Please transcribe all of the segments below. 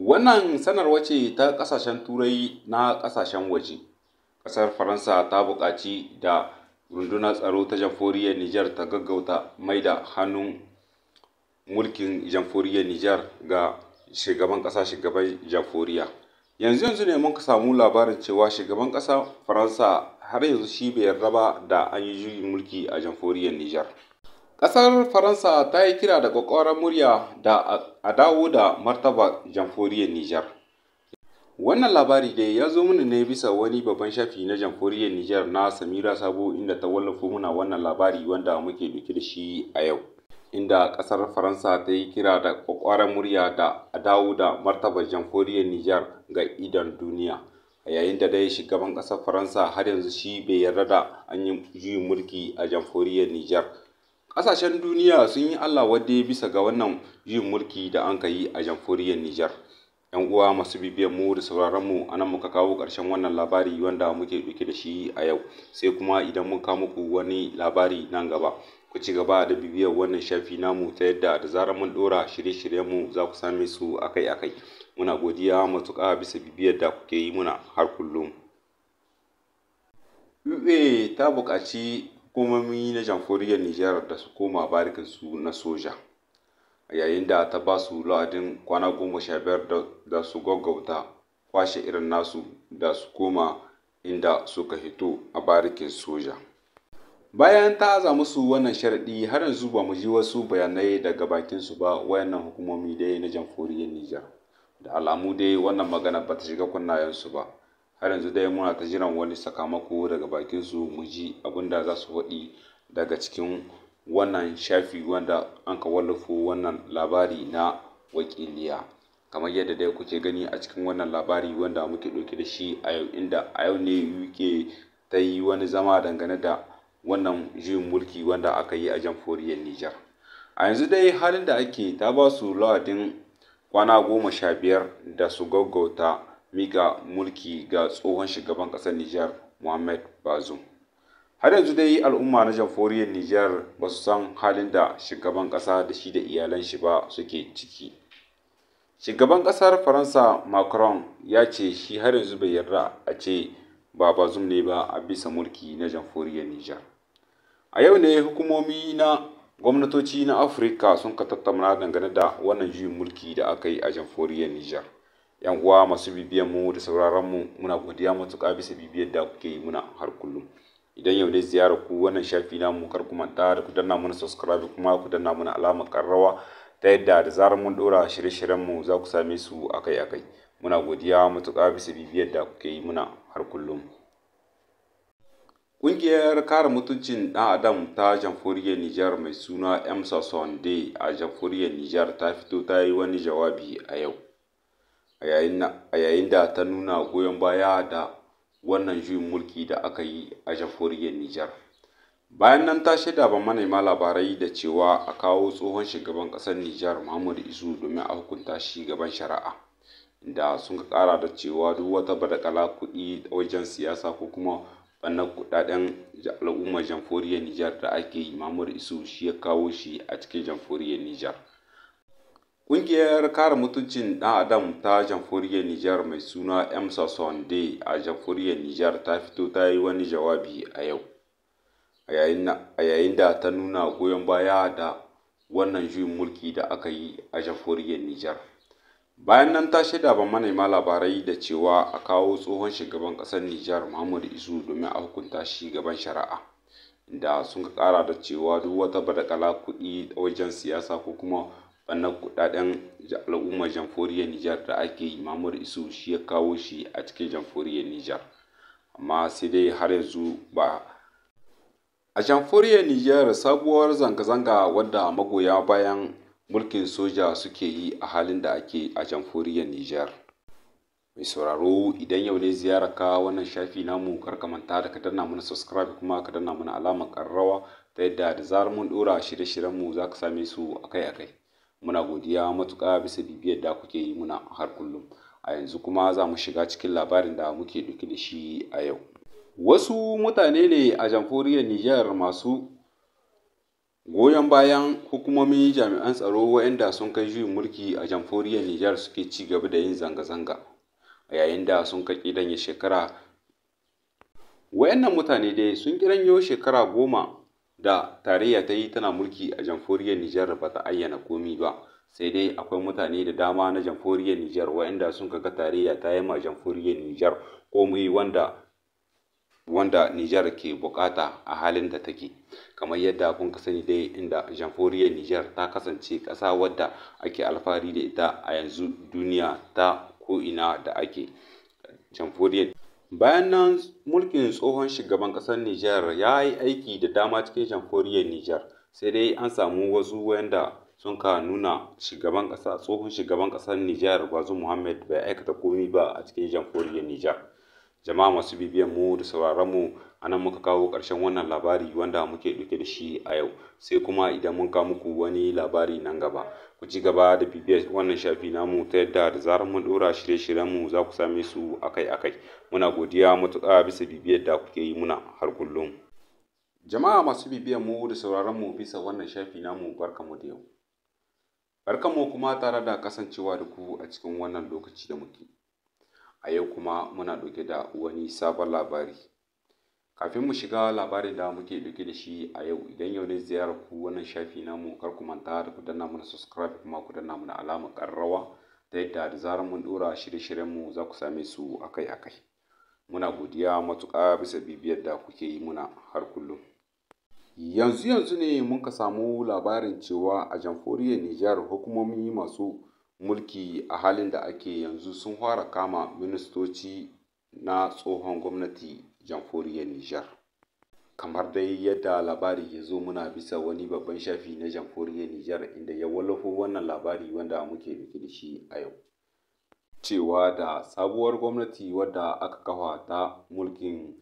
Wannan sanarwa ce ta ƙasashen Turai na ƙasashen waje. Ƙasar Faransa ta buƙaci da rundunar tsaro ta jamforiyar Nijar ta gaggauta mai da hannun mulkin jamforiyar Nijar ga shugaban ƙasa shugaban jamforiya. Yanzu yanzu ne muka samu labarin cewa shugaban ƙasa Faransa har yanzu shi bai yarda ba da an yi juyin mulki a jamforiyar Nijar. Ƙasar Faransa ta yi kira da ƙwaƙwaran murya da a dawo da martaba jamhuriyar Nijar. Wannan labari dai ya zo mana ne bisa wani babban shafi na jamhuriyar Nijar na Samira Sabo inda ta wallafa muna wannan labari wanda muke ɗauke da shi a yau. Inda ƙasar Faransa ta yi kira da ƙwaƙwaran murya da a dawo da martaba jamhuriyar Nijar ga idon duniya. a yayin da dai shugaban ƙasar faransa har yanzu shi bai yarda da an yi juyin mulki a jamhuriyar nijar Ƙasashen duniya sun yi Allah wadde bisa ga wannan juyin mulki da an ka yi a jamhuriyar Nijar. 'Yan uwa masu bibiyar mu da sauraron mu a nan muka kawo ƙarshen wannan labari wanda muke ɗauke da shi a yau. Sai kuma idan mun kawo muku wani labari nan gaba. Ku ci gaba da bibiyar wannan shafi namu ta yadda da zarar mun ɗora shirye shiryen mu za ku same su akai-akai. Muna godiya matuƙa bisa bibiyar da kuke yi muna har kullum. ta buƙaci hukumomi na jamhuriyar Nijar da su koma barikinsu na soja yayin da ta ba su la'adin kwana goma sha biyar da su gaggauta kwashe irin nasu da su koma inda suka hito a barikin soja bayan ta aza musu wannan sharaɗi har yanzu ba mu ji wasu bayanai daga bakinsu ba wayannan hukumomi dai na jamhuriyar Nijar da alamu dai wannan magana ba ta shiga kunnayensu ba har yanzu dai muna ta jiran wani sakamako daga bakin su mu ji abin da za su faɗi daga cikin wannan shafi wanda an ka wallafo wannan labari na wakiliya kamar yadda dai kuke gani a cikin wannan labari wanda muke ɗauke da shi a yau inda a yau ne UK ta yi wani zama dangane da wannan juyin mulki wanda aka yi a jamhuriyar Nijar. A yanzu dai halin da ake ta ba su ladin kwana goma sha biyar da su gaggauta mika mulki ga tsohon shugaban ƙasar Nijar Muhammad Bazoum. Har yanzu dai al'umma na jamhuriyar Nijar ba su san halin da shugaban ƙasa da shi da iyalan shi ba suke ciki. Shugaban ƙasar Faransa Macron ya ce shi har yanzu bai yarda a ce ba Bazoum ne ba a bisa mulki na jamhuriyar Nijar. A yau ne hukumomi na gwamnatoci na Afirka sun ka tattauna dangane da wannan juyin mulki da aka yi a jamhuriyar Nijar. yan uwa masu bibiyan mu da sauraron mu muna godiya matuƙa bisa bibiyar da kuke yi muna har kullum idan yau ne ziyarar ku wannan shafi na mu kar ku manta da ku danna mana subscribe kuma ku danna mana alamar karrawa ta yadda da zarar mun dora shirye-shiryen mu za ku same su akai-akai muna godiya matuƙa bisa bibiyar da kuke yi muna har kullum Ƙungiyar kare mutuncin ɗan adam ta jamhuriyar Nijar mai suna m Sonde a jamhuriyar Nijar ta fito ta yi wani jawabi a yau. a yayin da ta nuna goyon baya da wannan juyin mulki da aka yi a jamhuriyar Nijar. Bayan nan ta shaida ba manema labarai da cewa a kawo tsohon shugaban ƙasar Nijar Muhammadu Isu domin a hukunta shi gaban shari'a. Da sun ƙara da cewa duk wata badakala kuɗi wajen siyasa ko kuma ɓannar kuɗaɗen al'ummar jamhuriyar Nijar da ake yi Muhammadu Isu shi ya kawo shi a cikin jamhuriyar Nijar. Ƙungiyar kare mutuncin ɗan adam ta Jamhuriyar Nijar mai suna m Sonde a Jamhuriyar Nijar ta fito ta yi wani jawabi a yau, a yayin da ta nuna goyon baya da wannan juyin mulki da aka yi a Jamhuriyar Nijar. Bayan nan ta shaida ba manema labarai da cewa a kawo tsohon shugaban ƙasar Nijar Muhammadu Isu domin a hukunta shi gaban shari'a. Da sun ƙara da cewa duk wata badakala kuɗi wajen siyasa ko kuma Bannan kuɗaɗen al'ummar jamhuriyar Nijar da ake yi Mamur Isu shi ya kawo shi a cikin jamhuriyar Nijar amma sai dai har yanzu ba a jamhuriyar Nijar sabuwar zanga-zanga wadda magoya bayan mulkin soja suke yi a halin da ake a jamhuriyar Nijar mai sauraro idan yau ne ziyarar ka wannan shafi namu kar manta da ka danna mana subscribe kuma ka danna mana alamar karrawa ta yadda da zarar mun dora shirye-shiryenmu za ka same su akai-akai muna godiya matuƙa bisa bibiyar da kuke yi muna har kullum a yanzu kuma za mu shiga cikin labarin da muke ɗauke da shi a yau wasu mutane ne a jamhuriyar niger masu goyon bayan hukumomin jami'an tsaro waɗanda sun kai juyin mulki a jamhuriyar niger suke ci gaba da yin zanga-zanga a yayin da sun ka ƙidanya shekara wayannan mutane dai sun kiranyo shekara goma da tarayya ta yi tana mulki a jamhuriyar Nijar ba ta ayyana komi ba sai dai akwai mutane da dama na jamhuriyar Nijar waɗanda sun kaga tarayya ta yi ma jamhuriyar Nijar komai wanda wanda Nijar ke bukata a halin da take kamar yadda kun ka sani dai inda jamhuriyar Nijar ta kasance ƙasa wadda ake alfahari da ita a yanzu duniya ta ko ina da ake jamhuriyar Bayan nan mulkin tsohon shugaban ƙasar Nijar ya yi aiki da dama cikin jamhuriyar Nijar, sai dai an samu wasu wanda sun ka nuna shugaban ƙasa tsohon shugaban ƙasar Nijar Bazoum muhammad bai aikata komai ba a cikin jamhuriyar Nijar. jama'a masu bibiyan mu da sauraron mu anan muka kawo ƙarshen wannan labari wanda muke ɗauke da shi a yau sai kuma idan mun kawo muku wani labari nan gaba ku ci gaba da bibiyar wannan shafi namu ta yadda da zarar mun ɗora shirye-shiryen mu za ku same su akai-akai muna godiya matuƙa bisa bibiyar da kuke yi muna har kullum jama'a masu bibiyan mu da sauraron mu bisa wannan shafi namu barkamu da yau barkamu kuma tare da kasancewa da ku a cikin wannan lokaci da muke a yau kuma muna ɗauke da wani sabon labari kafin mu shiga labarin da muke ɗauke da shi a yau idan yau ne ziyarar ku wannan shafi namu kar ku manta da ku danna mana subscribe kuma ku danna mana alamar ƙararrawa ta yadda da zarar mun ɗora shirye-shiryenmu za ku same su akai-akai muna godiya matuƙa bisa bibiyar da kuke yi muna har kullum yanzu yanzu ne mun ka samu labarin cewa a jamhuriyar Nijar hukumomi masu mulki a halin da ake yanzu sun fara kama ministoci na tsohon gwamnati jamhuriyar Nijar. Kamar dai yadda labari ya zo muna bisa wani babban shafi na jamhuriyar Nijar inda ya wallafo wannan labari wanda muke ɗauke da shi a yau. Cewa da sabuwar gwamnati wadda aka kafa ta mulkin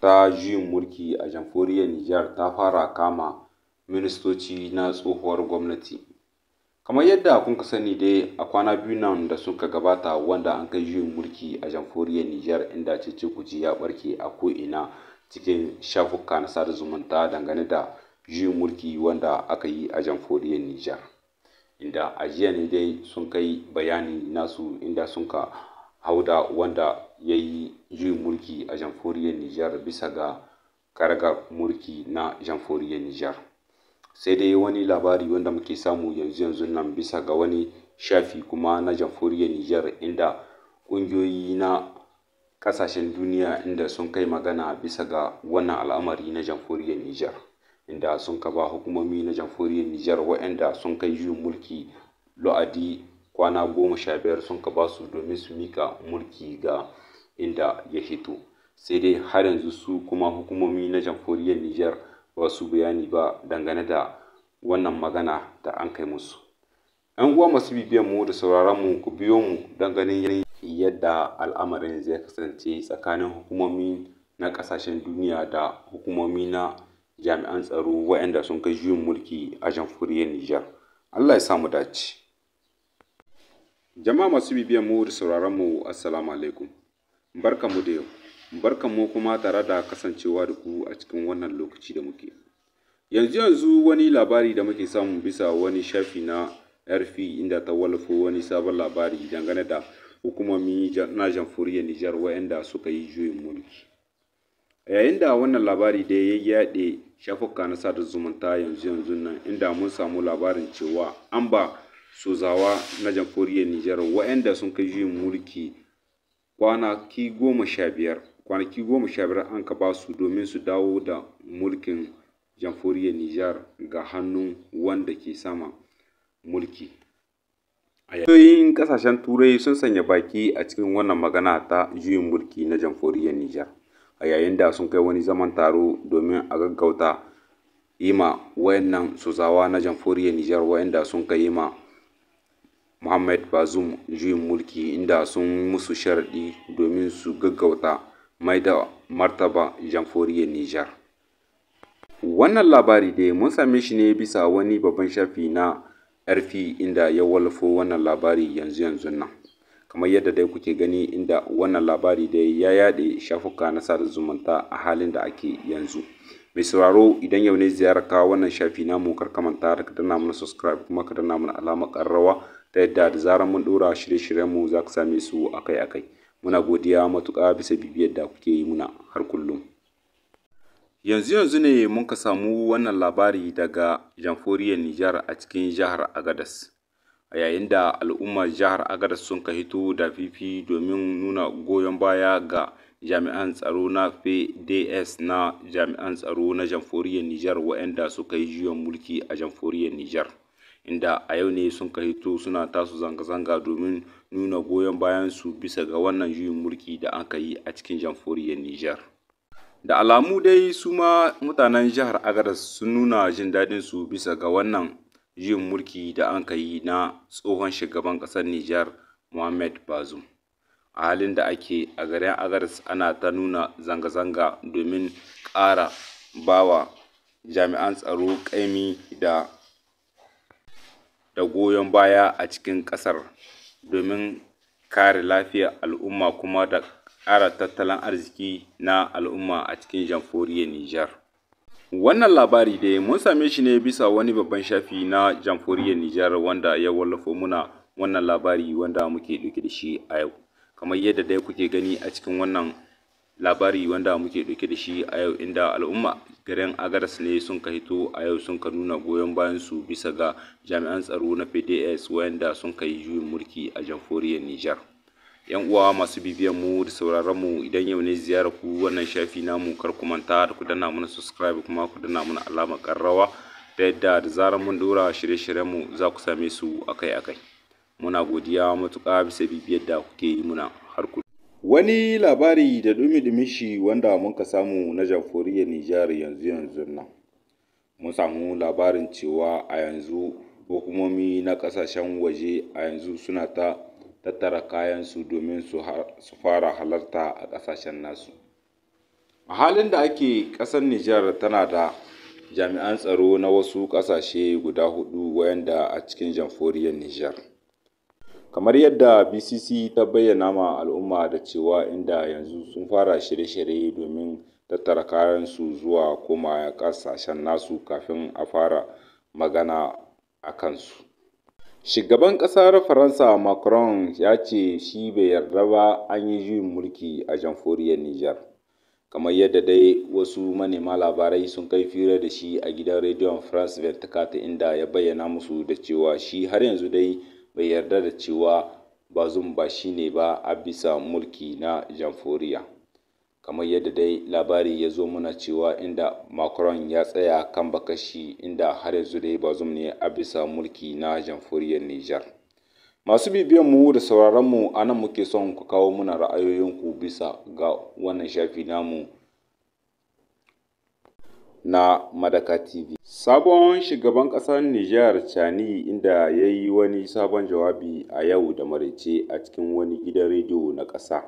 ta juyin mulki a jamhuriyar Nijar ta fara kama ministoci na tsohuwar gwamnati. kamar yadda kun ka sani dai a kwana biyu nan da suka gabata wanda an kai juyin mulki a jamhuriyar Nijar inda cece kuci ya barke a ko'ina cikin shafuka na sada zumunta dangane da juyin mulki wanda aka yi a jamhuriyar Nijar inda a jiya ne dai sun kai bayani nasu inda sun ka hauda wanda ya yi juyin mulki a jamhuriyar Nijar bisa ga karagar mulki na jamhuriyar Nijar. sai dai wani labari wanda muke samu yanzu yanzu nan bisa ga wani shafi kuma na jamhuriyar Nijar inda ƙungiyoyi na ƙasashen duniya inda sun kai magana bisa ga wannan al'amari na jamhuriyar Nijar inda sun kaba hukumomi na jamhuriyar Nijar waɗanda sun kai juyin mulki lo'adi kwana goma sha biyar sun kaba su domin su mika mulki ga inda ya hito sai dai har yanzu su kuma hukumomi na jamhuriyar Nijar wasu bayani ba dangane da wannan magana da an kai musu. 'Yan uwa masu bibiyan mu da sauraron mu ku biyo mu don ganin yadda al'amarin zai kasance tsakanin hukumomi na ƙasashen duniya da hukumomi na jami'an tsaro waɗanda sun kai juyin mulki a jamhuriyar Nijar. Allah ya samu dace. Jama'a masu bibiyan mu da sauraron mu assalamu alaikum. Barkanmu da yau. barkan mu kuma tare da kasancewa da ku a cikin wannan lokaci da muke. Yanzu yanzu wani labari da muke samu bisa wani shafi na rf inda ta walfo wani sabon labari dangane da hukumomi na jamhuriyar Nijar wainda suka yi juyin mulki. Yayin da wannan labari da ya yaɗe shafuka na sada zumunta yanzu yanzu nan inda mun samu labarin cewa an ba sozawa na jamhuriyar Nijar wainda sun kai juyin mulki kwanaki goma sha biyar kwanaki goma sha biyar an ka ba su domin su dawo da mulkin jamhuriyar Nijar ga hannun wanda ke sama mulki. Ayoyin ƙasashen Turai sun sanya baki a cikin wannan magana ta juyin mulki na jamhuriyar Nijar a yayin da sun kai wani zaman taro domin a gaggauta yi ma wayannan suzawa na jamhuriyar Nijar wayanda sun kai ma Muhammad Bazoum juyin mulki inda sun musu sharaɗi domin su gaggauta mai da martaba jamhuriyar Nijar. Wannan labari dai mun same shi ne bisa wani babban shafi na rf inda ya wallafo wannan labari yanzu yanzu nan. Kamar yadda dai kuke gani inda wannan labari dai ya yaɗe shafuka na sada zumunta a halin da ake yanzu. Mai sauraro idan yau ne ziyarar ka wannan shafi namu kar ka manta da ka danna mana subscribe kuma ka danna mana alamar ƙararrawa ta yadda da zarar mun ɗora shirye-shiryenmu za ka same su akai-akai. muna godiya matuƙa bisa bibiyar da kuke yi muna har kullum yanzu yanzu ne mun ka samu wannan labari daga jamhuriyar Nijar a cikin jihar Agadas a yayin da al'ummar jihar Agadas sun ka hito da fifi domin nuna goyon baya ga jami'an tsaro na PDS na jami'an tsaro na jamhuriyar Nijar waɗanda suka yi juyon mulki a jamhuriyar Nijar inda a yau ne sun ka hito suna tasu zanga-zanga domin nuna goyon bayansu bisa ga wannan juyin mulki da aka yi a cikin jamhuriyar Nijar. Da alamu dai su ma mutanen jihar Agadas sun nuna jin daɗin su bisa ga wannan juyin mulki da aka yi na tsohon shugaban ƙasar Nijar Muhammad Bazoum. A halin da ake a garin Agadas ana ta nuna zanga-zanga domin ƙara bawa jami'an tsaro ƙaimi da goyon baya a cikin ƙasar. domin kare lafiyar al'umma kuma da ƙara tattalin arziki na al'umma a cikin jamhuriyar Nijar. Wannan labari dai mun same shi ne bisa wani babban shafi na jamhuriyar Nijar wanda ya wallafa muna wannan labari wanda muke ɗauke da shi a yau. Kamar yadda dai kuke gani a cikin wannan labari wanda muke ɗauke da shi a yau inda al'umma garin agaras ne sun ka hito a yau sun ka nuna goyon bayan su bisa ga jami'an tsaro na pds wayanda sun ka yi juyin mulki a jamhuriyar nijar yan uwa masu bibiyan mu da sauraron mu idan yau ne ziyarar ku wannan shafi namu kar ku manta da ku danna mana subscribe kuma ku danna mana alamar karrawa ta yadda da zarar mun dora shirye-shiryen mu za ku same su akai-akai muna godiya matuƙa bisa bibiyar da kuke yi muna har ku Wani labari da dumi-dumi shi wanda muka samu na Jamhuriyar Nijar yanzu-yanzun nan, mun samu labarin cewa a yanzu hukumomi na ƙasashen waje a yanzu suna ta tattara kayansu domin su fara halarta a ƙasashen nasu. A halin da ake ƙasar Nijar tana da jami'an tsaro na wasu ƙasashe guda hudu wayanda a cikin Jamhuriyar Nijar. kamar yadda bcc ta bayyana ma al'umma da cewa inda yanzu sun fara shirye-shirye domin tattara kayan su zuwa koma ƙasashen nasu kafin a fara magana a kansu shugaban kasar faransa macron ya ce shi bai yarda ba an yi juyin mulki a jamhuriyar niger kamar yadda dai wasu manema labarai sun kai fira da shi a gidan rediyon france 24 inda ya bayyana musu da cewa shi har yanzu dai bai yarda da cewa bazum ba shi ne ba a bisa mulki na jamforiya Kamar yadda dai labari ya zo muna cewa inda Macron ya tsaya kan bakashi inda har yanzu dai bazum ne a bisa mulki na jamforiyar Nijar. Masu bibiyan mu da sauraron mu a nan muke son ku kawo muna ra'ayoyinku bisa ga wannan shafi namu. na Madaka TV. Sabon shugaban ƙasar Nijar Chani inda ya yi wani sabon jawabi a yau da maraice a cikin wani gidan rediyo na ƙasa.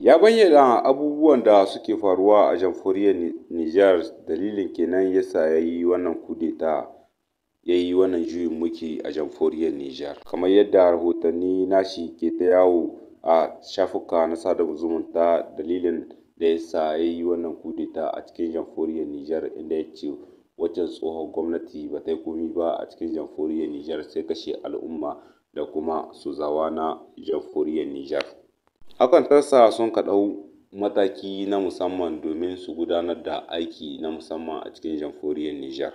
Ya bayyana abubuwan da suke faruwa a jamhuriyar Nijar dalilin kenan yasa ya yi wannan kudeta ya yi wannan juyin mulki a jamhuriyar Nijar. Kamar yadda rahotanni nashi ke ta yawo a shafuka na sada zumunta dalilin da ya sa ya yi wannan kudeta a cikin jamhuriyar Nijar inda ya ce wajen tsohon gwamnati ba ta yi komi ba a cikin jamhuriyar Nijar sai kashe al'umma da kuma su zawa na jamhuriyar Nijar. Hakan tarsa sun kaɗau mataki na musamman domin su gudanar da aiki na musamman a cikin jamhuriyar Nijar.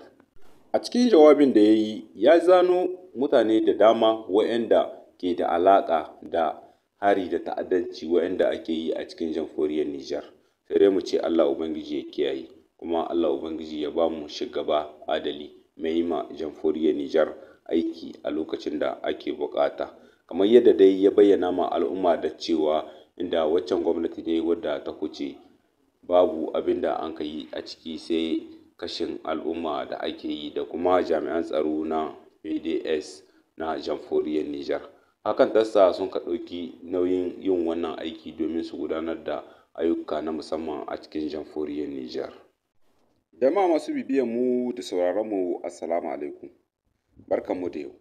A cikin jawabin da ya yi ya zano mutane da dama waɗanda ke da alaƙa da hari da ta'addanci wayanda ake yi a cikin jamhuriyar Nijar. Sai dai mu ce Allah Ubangiji ya kiyaye, kuma Allah Ubangiji ya ba mu shugaba adali mai yi ma jamhuriyar Nijar aiki a lokacin da ake bukata Kamar yadda dai ya bayyana ma al'umma da cewa inda waccan gwamnati ne wadda ta kuce babu abin da an ka a ciki sai kashin al'umma da ake yi da kuma jami'an tsaro na PDS na jamhuriyar Nijar. Hakan ta sa ka ɗauki nauyin yin wannan aiki domin su gudanar da ayyuka na musamman a cikin jamhuriyar Nijar. Jama'a masu mu da sauraron mu Assalamu alaikum. mu da yau.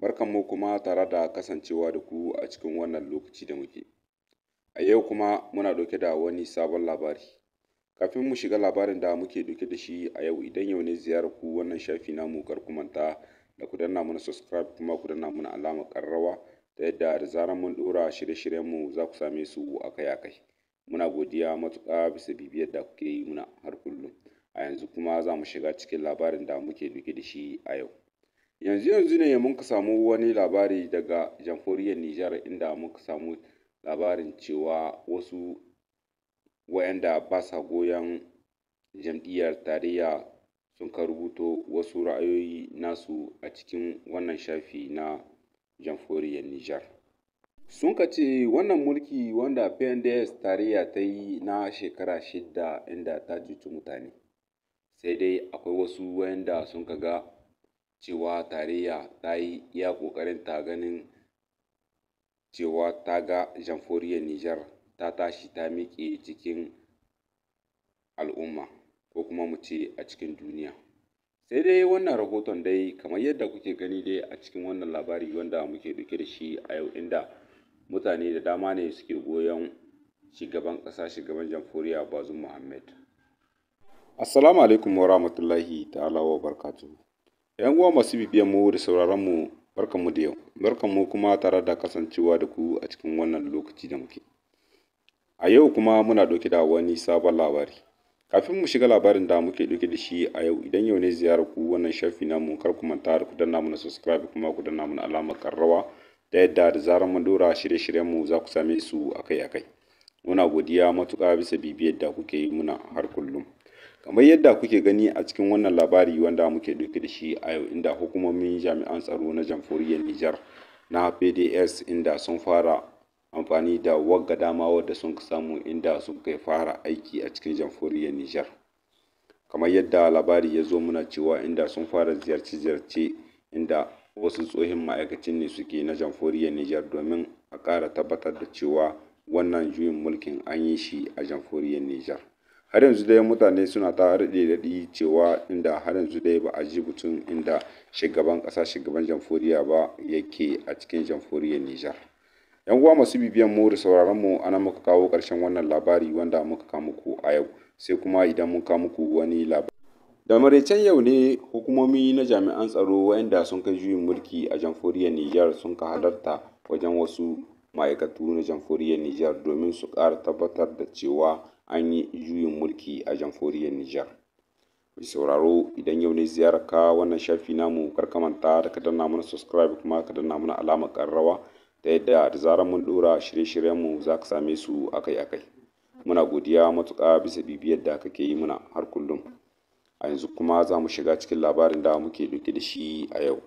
barkan mu kuma tare da kasancewa da ku a cikin wannan lokaci da muke. A yau kuma muna ɗauke da wani sabon labari. Kafin mu shiga labarin da muke ɗauke da shi a yau idan yau ne ziyarar ku wannan shafi namu kar ku manta da ku danna mana subscribe kuma ku danna mana alamar ƙararrawa ta yadda da zarar mun ɗora shirye-shiryenmu za ku same su a kai-a kai Muna godiya matuƙa bisa bibiyar da kuke yi muna har kullum. A yanzu kuma za mu shiga cikin labarin da muke duke da shi a yau. Yanzu yanzu ne mun muka samu wani labari daga jamhuriyar Nijar inda mun muka samu labarin cewa wasu wayanda ba sa goyon jam'iyyar tarayya sun ka rubuto wasu ra'ayoyi nasu a cikin wannan shafi na jamhuriyar Nijar. Sun ka ce wannan mulki wanda PNDS tarayya ta yi na shekara shida inda ta cuci mutane. Sai dai akwai wasu wayanda sun ka ga cewa tarayya ta yi iya ƙoƙarin ta ganin cewa ta ga jamhuriyar Nijar ta tashi ta miƙe cikin al'umma ko kuma mu ce a cikin duniya. Sai dai wannan rahoton dai kamar yadda kuke gani dai a cikin wannan labari wanda muke ɗauke da shi a yau inda mutane da dama ne suke goyon shugaban ƙasa shugaban jamhuriya bazum Mohammed. Assalamu alaikum wa rahmatullahi ta'ala wa barkatu. ‘Yan uwa masu bibiyan mu da sauraron mu barkan mu da yau, barkan mu kuma tare da kasancewa da ku a cikin wannan lokaci da muke. A yau kuma muna ɗauke da wani sabon labari. Kafin mu shiga labarin da muke ɗauke da shi a yau idan yau ne ziyarar ku wannan shafi namu kar ku manta da ku danna mana subscribe kuma ku danna mana alamar karrawa da yadda da zarar mun dora shirye-shiryen mu za ku same su akai-akai. Muna godiya matuƙa bisa bibiyar da kuke yi muna har kullum. Kamar yadda kuke gani a cikin wannan labari wanda muke ɗauke da shi a yau inda hukumomin jami'an tsaro na jamhuriyar Nijar na PDS inda sun fara amfani da wagga dama wadda sun samu inda suka fara aiki a cikin jamhuriyar Nijar. Kamar yadda labari ya zo muna cewa inda sun fara ziyarce-ziyarce inda wasu tsohin ma'aikacin ne suke na jamhuriyar Nijar domin a ƙara tabbatar da cewa wannan juyin mulkin an yi shi a jamhuriyar Nijar. Har yanzu dai mutane suna ta daɗi cewa inda har yanzu dai ba a ji mutum inda shugaban ƙasa shugaban jamhuriya ba yake a cikin jamhuriyar Nijar. yan uwa masu bibiyan mu da sauraron mu ana muka kawo ƙarshen wannan labari wanda muka kawo muku a yau sai kuma idan mun kawo muku wani labari da maraicen yau ne hukumomi na jami'an tsaro wayanda sun kai juyin mulki a jamhuriyar nijar sun ka halarta wajen wasu ma'aikatu na jamhuriyar nijar domin su ƙara tabbatar da cewa an yi juyin mulki a jamhuriyar nijar mai sauraro idan yau ne ka wannan shafi namu karkamanta da ka danna mana subscribe kuma ka danna mana alamar karrawa ta yadda da zarar mun ɗora shirye-shiryenmu za ka same su akai-akai muna godiya matuƙa bisa bibiyar da kake yi muna har kullum a yanzu kuma za mu shiga cikin labarin da muke ɗauke da shi a yau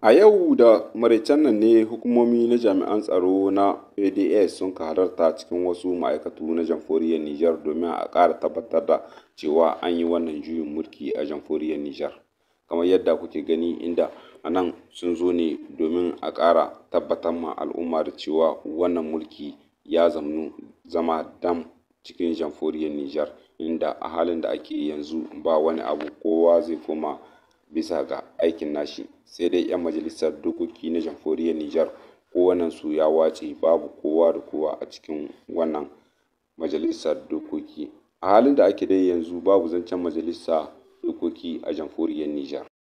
a yau da maraicen nan ne hukumomi na jami'an tsaro na ads sun ka halarta cikin wasu ma'aikatu na jamhuriyar niger domin a ƙara tabbatar da cewa an yi wannan juyin mulki a jamhuriyar niger kamar yadda kuke gani inda a nan sun zo ne domin a ƙara tabbatar ma al'umma da cewa wannan mulki ya zamnu zama dam cikin jamhuriyar Nijar inda a halin da ake yanzu ba wani abu kowa zai koma bisa ga aikin nashi sai dai 'yan majalisar dokoki na jamhuriyar Nijar wannan su ya wace babu kowa da kowa a cikin wannan majalisar dokoki a halin da ake dai yanzu babu zancen majalisa dokoki a jamhuriyar Nijar.